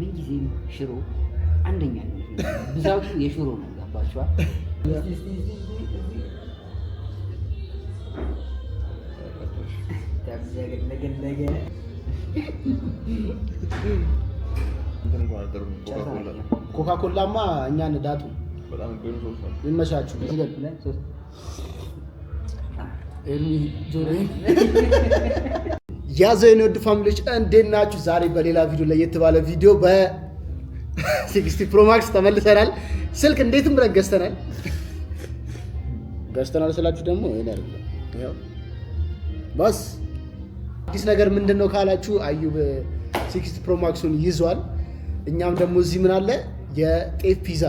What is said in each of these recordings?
ምንጊዜም ሽሮ አንደኛ ነው። ብዛቱ የሽሮ ነው። ገባችኋል? ኮካ ኮላማ እኛን ዳጡ ይመሻችሁ። ያዘውን የወዱ ፋሚሊዎች እንዴት ናችሁ? ዛሬ በሌላ ቪዲዮ ላይ የተባለ ቪዲዮ በ60 ፕሮማክስ ተመልሰናል። ስልክ እንዴትም ብለን ገዝተናል ገዝተናል ስላችሁ ደግሞ ይሄን አይደለም። ይሄው ባስ አዲስ ነገር ምንድን ነው ካላችሁ አዩብ 60 ፕሮማክሱን ይዟል። እኛም ደግሞ እዚህ ምን አለ የጤፍ ፒዛ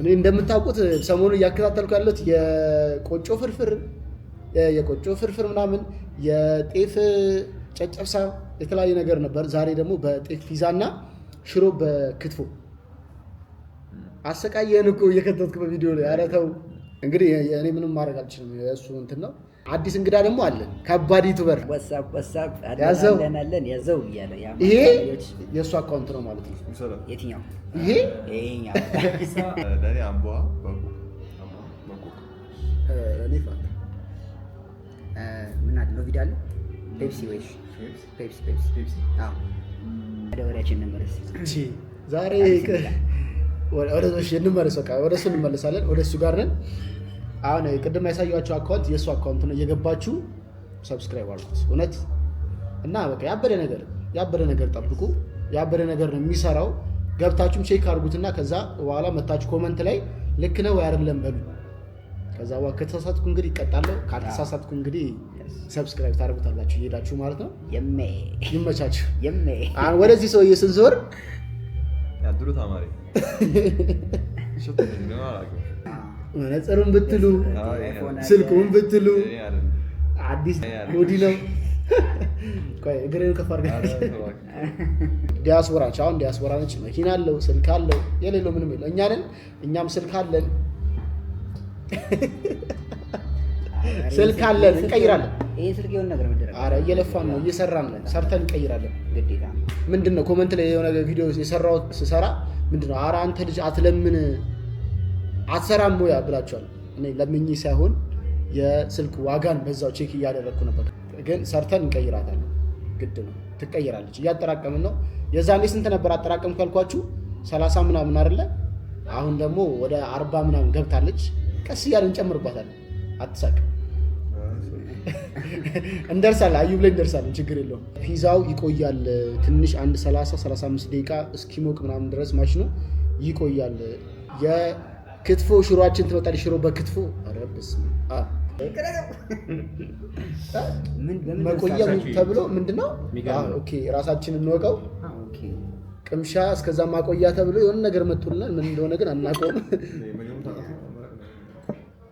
እኔ እንደምታውቁት ሰሞኑን እያከታተልኩ ያለሁት የቆጮ ፍርፍር የቆጮ ፍርፍር ምናምን፣ የጤፍ ጨጨብሳ፣ የተለያየ ነገር ነበር። ዛሬ ደግሞ በጤፍ ፒዛ እና ሽሮ በክትፎ አሰቃየን እኮ እየከተትክ በቪዲዮ ላይ። ኧረ ተው እንግዲህ እኔ ምንም ማድረግ አልችልም። የእሱ እንትን ነው። አዲስ እንግዳ ደግሞ አለን። ከባድ ዩቱበር ያዘው እያለ ይሄ የእሱ አካውንት ነው ማለት ነው። የትኛው ይሄ ይሄኛው ምን አለ ሎቪድ አለ ፔፕሲ ወይ ፔፕሲ ፔፕሲ አዎ ወደ ወሬያችን እንመለስ እቺ ዛሬ ወደ እሺ እንመለስ በቃ ወደ እሱ እንመለሳለን ወደ እሱ ጋር ነን አሁን ቅድም ያሳየኋቸው አካውንት የእሱ አካውንት ነው እየገባችሁ ሰብስክራይብ አልኩት እውነት እና በቃ ያበደ ነገር ያበደ ነገር ጠብቁ ያበደ ነገር ነው የሚሰራው ገብታችሁም ቼክ አድርጉትና ከዛ በኋላ መታችሁ ኮመንት ላይ ልክ ነው ወይ አይደለም በሉ ከዛ በኋላ ከተሳሳትኩ እንግዲህ ይቀጣለሁ፣ ካልተሳሳትኩ እንግዲህ ሰብስክራይብ ታደርጉታላችሁ እየሄዳችሁ ማለት ነው። ይመቻችሁ። ወደዚህ ሰውዬ ስንዞር ያድሩ ተማሪ መነጽሩን ብትሉ ስልኩን ብትሉ አዲስ ሞዲ ነው። እግርን ከፍ አድርገህ ዲያስፖራ አሁን ዲያስፖራ ነች። መኪና አለው፣ ስልክ አለው፣ የሌለው ምንም የለው። ነን፣ እኛም ስልክ አለን ስልክ አለን እንቀይራለን። ይህ ስልክ የሆነ ነገር መደረግ ኧረ እየለፋን ነው እየሰራን ነው። ሰርተን እንቀይራለን ግዴታ። ምንድን ነው ኮመንት ላይ የሆነ ቪዲዮ የሰራሁት ስሰራ ምንድን ነው ኧረ አንተ ልጅ አትለምን አትሰራም ሙያ ብላችኋል። እኔ ለምኝ ሳይሆን የስልክ ዋጋን በዛው ቼክ እያደረግኩ ነበር። ግን ሰርተን እንቀይራታለን ግድ ነው ትቀይራለች። እያጠራቀምን ነው። የዛኔ ስንት ነበር አጠራቀም ያልኳችሁ ሰላሳ ምናምን አይደለ? አሁን ደግሞ ወደ አርባ ምናምን ገብታለች። ቀስ እያለን እንጨምርባታለን? አትሳቅ፣ እንደርሳለን። አዩብ ላይ እንደርሳለን። ችግር የለውም። ፒዛው ይቆያል ትንሽ አንድ 30 35 ደቂቃ እስኪሞቅ ምናምን ድረስ ማሽኑ ይቆያል። የክትፎ ሽሮችን ትመጣል። ሽሮ በክትፎ ረብስ መቆያ ተብሎ ምንድነው? ራሳችን እንወቀው። ቅምሻ እስከዛ ማቆያ ተብሎ የሆነ ነገር መጡልናል። ምን እንደሆነ ግን አናውቀውም።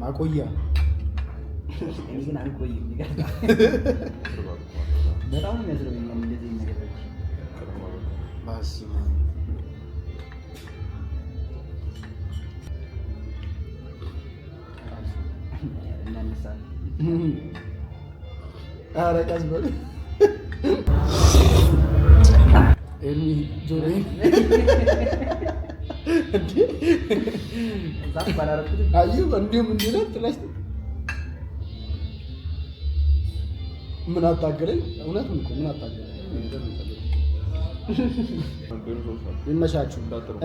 ማቆያ እኔ ግን አልቆይም። በጣም የሚያስረብኛል እንደዚህ ነገሮች። ኧረ ቀስ በል ኤልሚ ጆሮዬን ምን አታገለኝ? እውነት ምን አታገለኝ?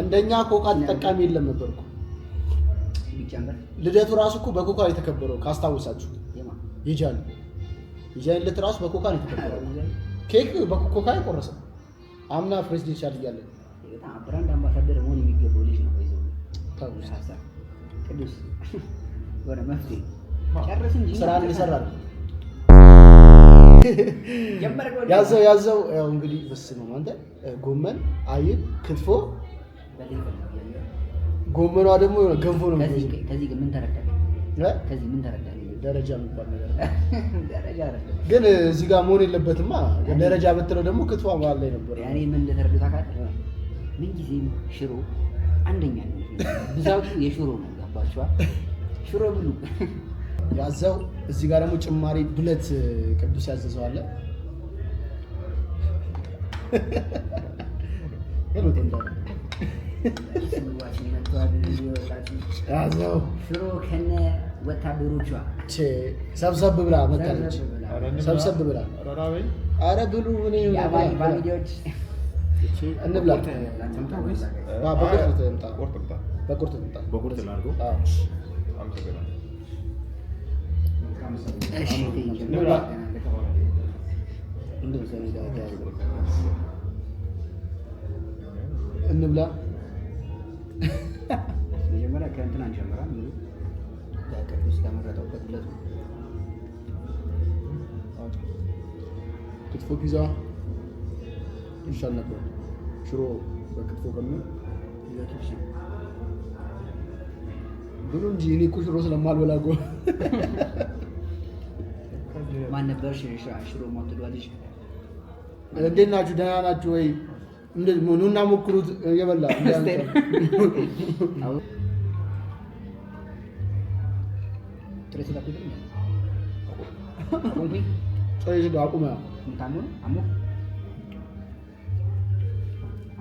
እንደኛ ኮካ ተጠቃሚ የለም ነበር እኮ ልደቱ ራሱ እኮ በኮካ ነው የተከበረው። ካስታወሳችሁ ይጃል ይጃል ልደት ራሱ በኮካ ነው የተከበረው። ኬክ በኮካ የቆረሰ አምና ፕሬዚደንሻል ተጉስ ሀሳብ ቅዱስ ነው ያዘው ያዘው። ያው እንግዲህ ብስ ነው አንተ ጎመን፣ አይብ፣ ክትፎ። ጎመኗ ደግሞ ገንፎ ነው። ከዚህ ምን ተረዳህ? ደረጃ የሚባል ነገር ግን እዚህ ጋር መሆን የለበትማ። ደረጃ ብትለው ደግሞ ክትፎ መሀል ላይ ነበር። ምን ምንጊዜም ሽሮ አንደኛ ነው ብዛቱ የሽሮ ነው። ገባችኋል? ሽሮ ብሉ ያዘው። እዚህ ጋር ደግሞ ጭማሪ ብለት ቅዱስ ያዘዘዋለ ሽሮ ከነ ወታደሮቿ ሰብሰብ ብላ መታለች። ሰብሰብ ብላ ኧረ ብሉ እንብላ እንብላ መጀመሪያ ከእንትን አንጀምራል። ክትፎ ፒዛ ይሻል ነበር። ሽሮ በክትፎ ከምን ብሉ እንጂ እኔ እኮ ሽሮ ስለማልበላ እኮ። ማን ነበር ሽሮ ማትወዷ እንዴት ናችሁ? ደህና ናችሁ ወይ? ኑና ሞክሩት። እየበላ ጥሬ ስጋ አቁመ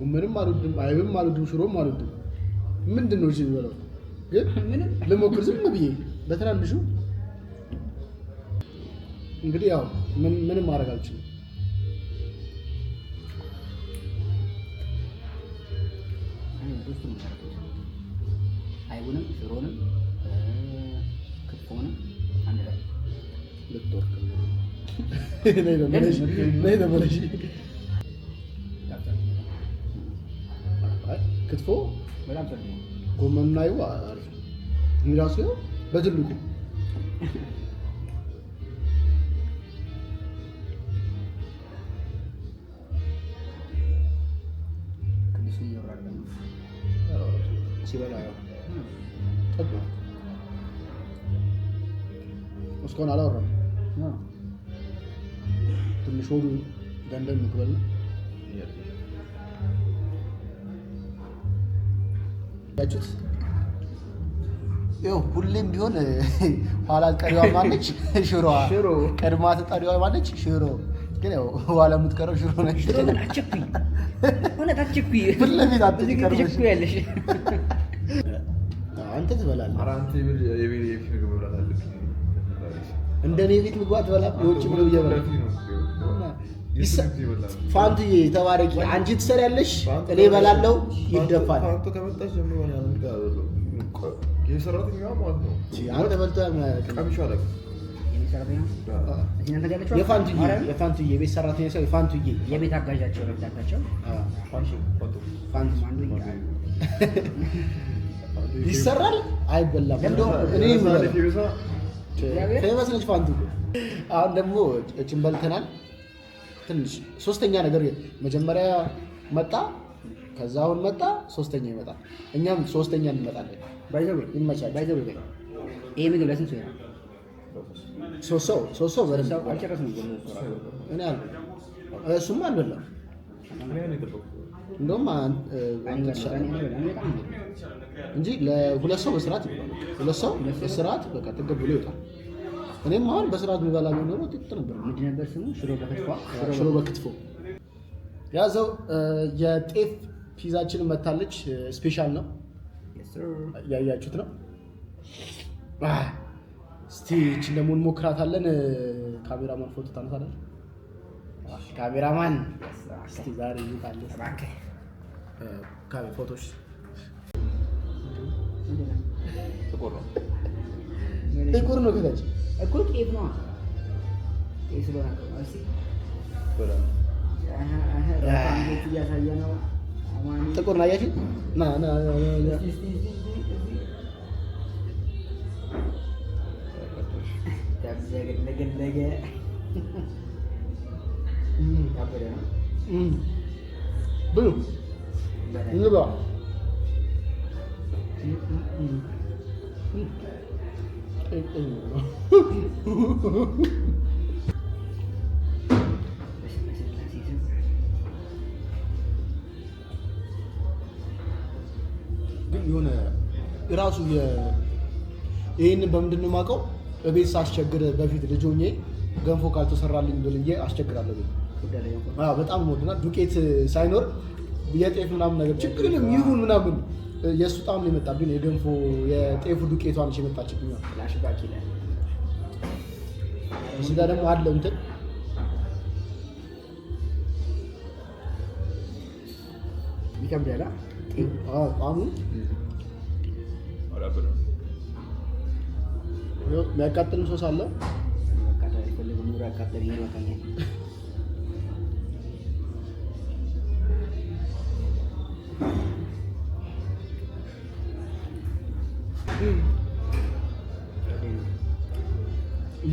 ጎመንም አልወድም፣ አይብም አልወድም፣ ሽሮም አልወድም። ምንድን ነው እዚህ የሚበላው? ግን ልሞክር ዝም ብዬ በትናንሹ። እንግዲህ ያው ምንም ማድረግ አልችልም። አይቡንም ሽሮንም ክትፎንም አንድ ላይ ልትወርቅ ክትፎ በጣም ጥሩ ነው። ጎመናዩ አሪፍ ነው። በትልቁ እስካሁን አላወራም። ትንሽ ሆዱ ገንደን ምክበል ነው አያችሁት? ይኸው ሁሌም ቢሆን ኋላ ቀሪዋ ማለች ሽሮ ቀድማ ተጠሪዋ ማለች ሽሮ፣ ግን ያው ኋላ የምትቀረው ሽሮ ነች። አንተ ትበላለህ። እንደ እኔ ቤት ምግባ የውጭ ብለው እየበላ ፋንትዬ ተባረቂ፣ አንቺ ትሰሪያለሽ፣ እኔ እበላለሁ። ይደፋል። ፋንቱ የቤት ሰራተኛ ሰው የቤት አጋዣቸው ይሰራል፣ አይበላም። እንደውም እኔ ፋንቱ። አሁን ደግሞ ጭንበልተናል ትንሽ ሶስተኛ ነገር መጀመሪያ መጣ፣ ከዛ አሁን መጣ፣ ሶስተኛ ይመጣል። እኛም ሶስተኛ እንመጣለን። ይመቻል። ይሄ ምግብ ለስንት ሰው ሶስት ሰው አልበላም። እንደውም እንጂ ለሁለት ሰው በስርዓት ይባላል። ሁለት ሰው በስርዓት በቃ ጥግብ ብሎ ይወጣል። እኔም አሁን በስርዓት የሚበላ ቢኖረው ጥጥ ነበር። ምንድን ነበር ስሙ? ሽሮ በክትፎ ያዘው። የጤፍ ፒዛችን መታለች። ስፔሻል ነው፣ ያያችሁት ነው። እስቲ ይህችን ደግሞ እንሞክራታለን። ካሜራማን ፎቶ ታነሳለች። ካሜራማን እስቲ ዛሬ ይታለ ፎቶች ते करू नका त्याची कुठं एक ना ते सुरू नका असे ጥቁር ነው አያችሁ? ና ና ብሉ ይባ ไอ้ติ่งเหรอ ግን የሆነ ራሱ ይህንን በምንድን ነው የማውቀው? በቤት ሳስቸግር በፊት ልጅ ሆኜ ገንፎ ካልተሰራልኝ ብልዬ አስቸግራለሁ። በጣም ነው ዱቄት ሳይኖር የጤፍ ምናምን ነገር ችግር ይሁን ምናምን የእሱ ጣም ነው የመጣብኝ። የገንፎ የጤፉ ዱቄቷን የመጣችብኝ እዚህ ጋር ደግሞ አለው እንትን ይከብዳል። ጣሙ የሚያቃጥልም ሶስ አለው።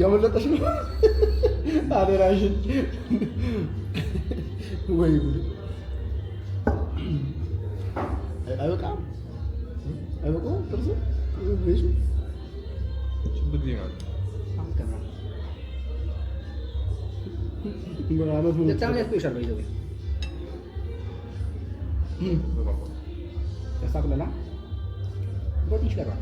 እያመለጠሽ ነው። አደራሽን ወይ አይበቃም አይበቃም። ጥርሱ ያሳቅለላ ይችላል።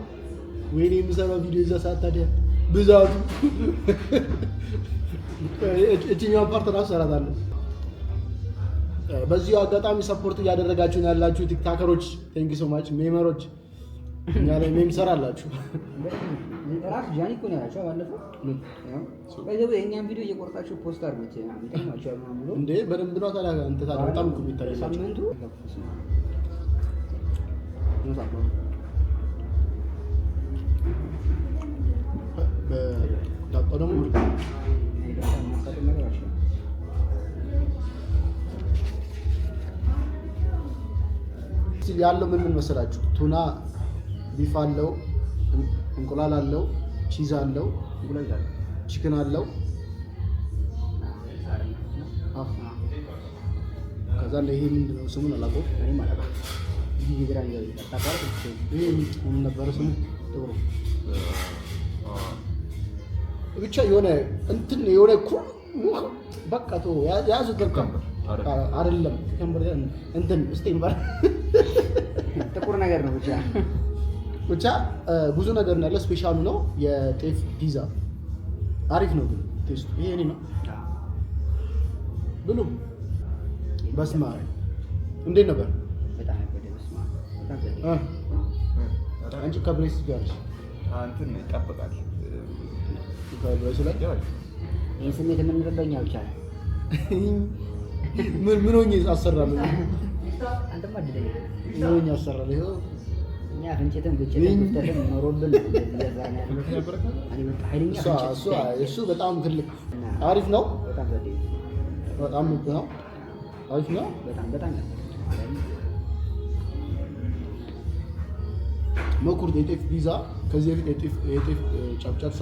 ወይኔ የምሰራው ቪዲዮ እዛ ሰዓት ታዲያ ብዛቱ እችኛው ፓርት ራሱ ሰራታለሁ። በዚሁ አጋጣሚ ሰፖርት እያደረጋችሁን ያላችሁ ቲክታከሮች ቴንክ ሶ ማች፣ ሜመሮች እኛ ላይ ሜም ራሱ ጃኒ እኮ ነው ያላቸው ባለፈው የእኛን ቪዲዮ ፖስት አድርጎት እንደ በደንብ ነው ታዲያ እንትን ታዲያ በጣም እኮ ሳምንቱ ዳቦ ደግሞ ያለው ምን ምን መሰላችሁ? ቱና ቢፍ አለው፣ እንቁላል አለው፣ ቺዝ አለው፣ ቺክን አለው። ከዛ ይሄ ምንድን ነው ስሙን አላውቀውም። ይሄ ነበረ ስሙ ጥሩ ብቻ የሆነ እንትን የሆነ በቃ ያዙ አይደለም እንትን ስቴምበር ጥቁር ነገር ነው። ብቻ ብቻ ብዙ ነገር ነው ያለው። ስፔሻሉ ነው የጤፍ ፒዛ አሪፍ ነው ግን ቴስቱ ይሄ እኔ ነው ብሉ። በስማ እንዴት ነበር? አንቺ ከብሬስ ጋር እንትን ይጠብቃል ይህን ስሜት የምንረዳኝ አልቻለ። ምን ምን ሆኜ አሰራ ምን ሆኜ አሰራ እኛ አፍንጭትም ግጭትም ክፍተትም ኖሮብን እሱ በጣም ትልቅ አሪፍ ነው። በጣም ነው። አሪፍ ነው። በጣም በጣም መኩርት የጤፍ ፒዛ ከዚህ በፊት የጤፍ ጨብጨብሳ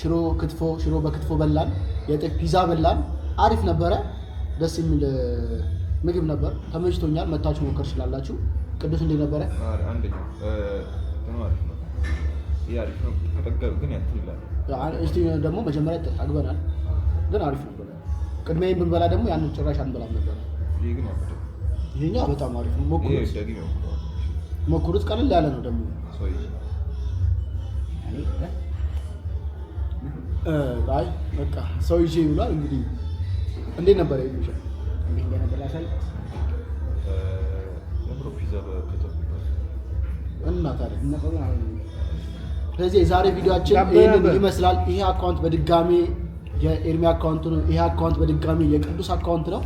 ሽሮ ክትፎ፣ ሽሮ በክትፎ በላን፣ የጤፍ ፒዛ በላን። አሪፍ ነበረ። ደስ የሚል ምግብ ነበር። ተመችቶኛል። መታችሁ ሞከር ይችላላችሁ። ቅዱስ እንዴት ነበረ? ደግሞ መጀመሪያ አግበናል፣ ግን አሪፍ ነበረ። ቅድሚያዬን ብንበላ ደግሞ ያንን ጭራሽ አንበላም ነበረ። ይሄኛው በጣም አሪፍ ነው። ሞክሩት፣ ሞክሩት። ቀለል ያለ ነው ደግሞ አይ በቃ ሰው ይዤ ይውላል። እንግዲህ እንዴት ነበረ ስለዚህ የዛሬ ቪዲዮችን ይህንን ይመስላል። ይሄ አካውንት በድጋሚ የኤርሚ አካውንት ነው። ይሄ አካውንት የቅዱስ አካውንት ነው።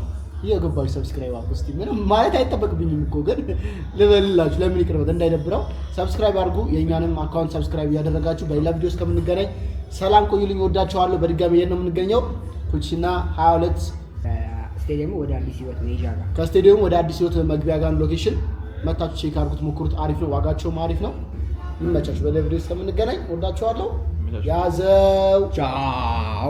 የገባች ሰብስክራይብ አድርጉ። እስኪ ምንም ማለት አይጠበቅብኝም እኮ ግን ልበልላችሁ፣ ለምን ይቅርበት እንዳይደብረው ሰብስክራይብ አድርጉ። የእኛንም አካውንት ሰብስክራይብ እያደረጋችሁ በሌላ ቪዲዮ እስከምንገናኝ ሰላም ቆዩልኝ፣ ወዳቸዋለሁ። በድጋሚ የት ነው የምንገኘው? ኩልቺና 22 ስቴዲየሙ ወደ አዲስ ህይወት መሄጃ ጋር ከስቴዲየሙ ወደ አዲስ ህይወት መግቢያ ጋር ሎኬሽን መታችሁ ቼክ አድርጉት፣ ሞክሩት። አሪፍ ነው፣ ዋጋቸውም አሪፍ ነው። ይመቻችሁ። በሌላ ቪዲዮ እስከምንገናኝ ወዳቸዋለሁ። ያዘው ቻው።